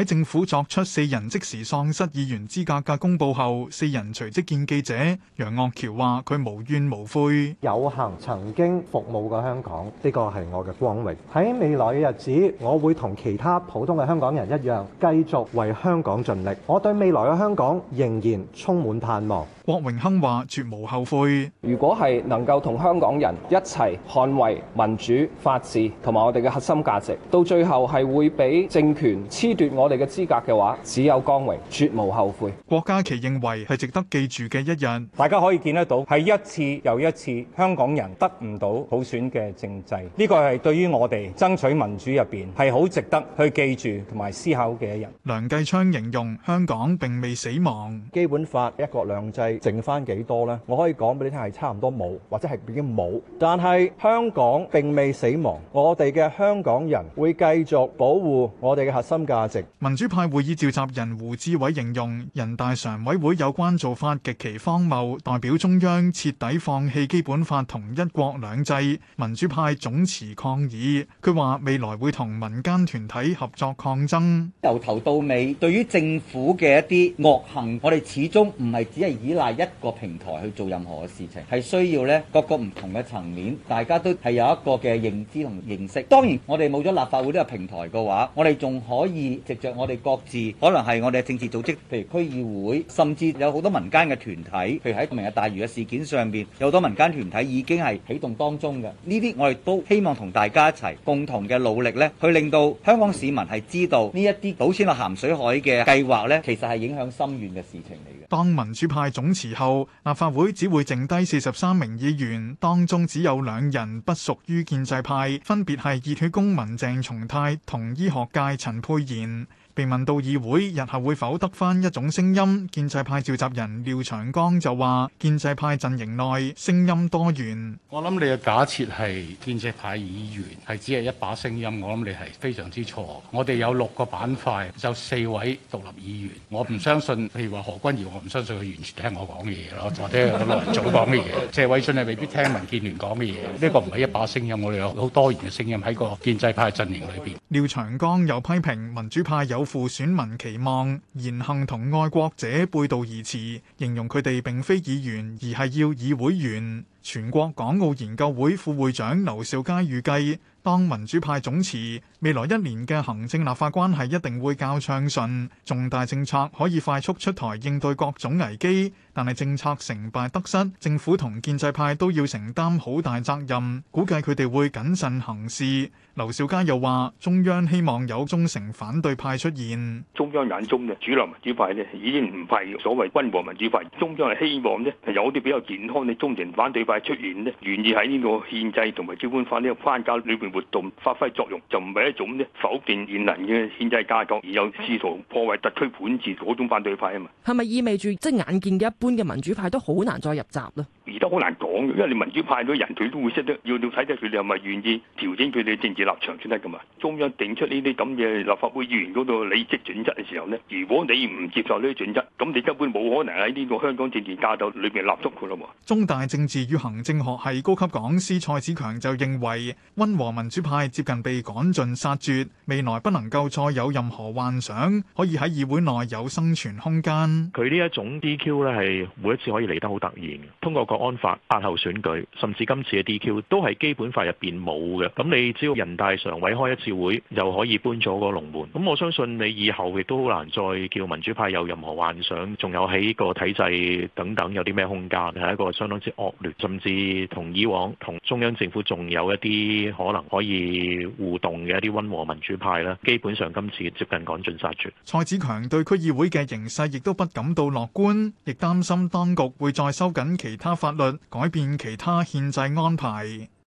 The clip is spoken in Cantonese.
喺政府作出四人即時喪失議員資格嘅公布後，四人隨即見記者。楊岳橋話：佢無怨無悔，有幸曾經服務過香港，呢個係我嘅光榮。喺未來嘅日子，我會同其他普通嘅香港人一樣，繼續為香港盡力。我對未來嘅香港仍然充滿盼望。郭榮鏗話：絕無後悔。如果係能夠同香港人一齊捍衛民主、法治同埋我哋嘅核心價值，到最後係會俾政權褫奪我我哋嘅資格嘅話，只有光榮，絕無後悔。郭家麒認為係值得記住嘅一日。大家可以見得到，係一次又一次，香港人得唔到普選嘅政制，呢個係對於我哋爭取民主入邊係好值得去記住同埋思考嘅一日。梁繼昌形容香港並未死亡，《基本法》一國兩制剩返幾多呢？我可以講俾你聽係差唔多冇，或者係已經冇。但係香港並未死亡，我哋嘅香港人會繼續保護我哋嘅核心價值。民主派會議召集人胡志偉形容人大常委會有關做法極其荒謬，代表中央徹底放棄基本法同一國兩制。民主派總辭抗議，佢話未來會同民間團體合作抗爭。由頭到尾，對於政府嘅一啲惡行，我哋始終唔係只係依賴一個平台去做任何嘅事情，係需要咧各個唔同嘅層面，大家都係有一個嘅認知同認識。當然，我哋冇咗立法會呢個平台嘅話，我哋仲可以直接。我哋各自可能係我哋嘅政治組織，譬如區議會，甚至有好多民間嘅團體，譬如喺明日大嶼嘅事件上邊，有好多民間團體已經係啟動當中嘅。呢啲我哋都希望同大家一齊共同嘅努力咧，去令到香港市民係知道呢一啲倒錢落咸水海嘅計劃咧，其實，係影響深遠嘅事情嚟嘅。當民主派總辭後，立法會只會剩低四十三名議員，當中只有兩人不屬於建制派，分別係熱血公民鄭松泰同醫學界陳沛然。被問到議會日後會否得翻一種聲音，建制派召集人廖長江就話：建制派陣營內聲音多元。我諗你嘅假設係建制派議員係只係一把聲音，我諗你係非常之錯。我哋有六個板塊，有四位獨立議員。我唔相信，譬如話何君堯，我唔相信佢完全聽我講嘅嘢咯，或者內早講嘅嘢。謝偉俊係未必聽民建聯講嘅嘢，呢個唔係一把聲音，我哋有好多元嘅聲音喺個建制派陣營裏面。廖長江又批評民主派有，辜負選民期望，言行同愛國者背道而馳，形容佢哋並非議員，而係要以會員。全國港澳研究會副會長劉兆佳預計，當民主派總辭，未來一年嘅行政立法關係一定會較暢順，重大政策可以快速出台應對各種危機。但係政策成敗得失，政府同建制派都要承擔好大責任。估計佢哋會謹慎行事。劉兆佳又話：中央希望有忠誠反對派出現。中央眼中嘅主流民主派呢，已經唔係所謂溫和民主派。中央係希望呢，有啲比較健康嘅忠誠反對派。快出現咧，願意喺呢個憲制同埋基本法呢個框架裏邊活動發揮作用，就唔係一種咧否定現能嘅憲制架構，而有試圖破壞特區本治嗰種反對派啊嘛。係咪意味住即係眼見嘅一般嘅民主派都好難再入閘咧？而都好難講，因為你民主派嗰人佢都會識得要睇睇佢哋係咪願意調整佢哋嘅政治立場先得噶嘛。中央定出呢啲咁嘅立法會議員嗰個履職準則嘅時候呢，如果你唔接受呢啲準則，咁你根本冇可能喺呢個香港政治架構裏邊立足噶啦嘛。中大政治要行政學系高級講師蔡子強就認為溫和民主派接近被趕盡殺絕，未來不能夠再有任何幻想，可以喺議會內有生存空間。佢呢一種 DQ 咧係每一次可以嚟得好突然，通過國安法押後選舉，甚至今次嘅 DQ 都係基本法入邊冇嘅。咁你只要人大常委開一次會，又可以搬咗個龍門。咁我相信你以後亦都好難再叫民主派有任何幻想，仲有喺個體制等等有啲咩空間，係一個相當之惡劣。甚至同以往同中央政府仲有一啲可能可以互動嘅一啲溫和民主派啦，基本上今次接近趕盡殺絕。蔡子強對區議會嘅形勢亦都不感到樂觀，亦擔心當局會再收緊其他法律，改變其他憲制安排。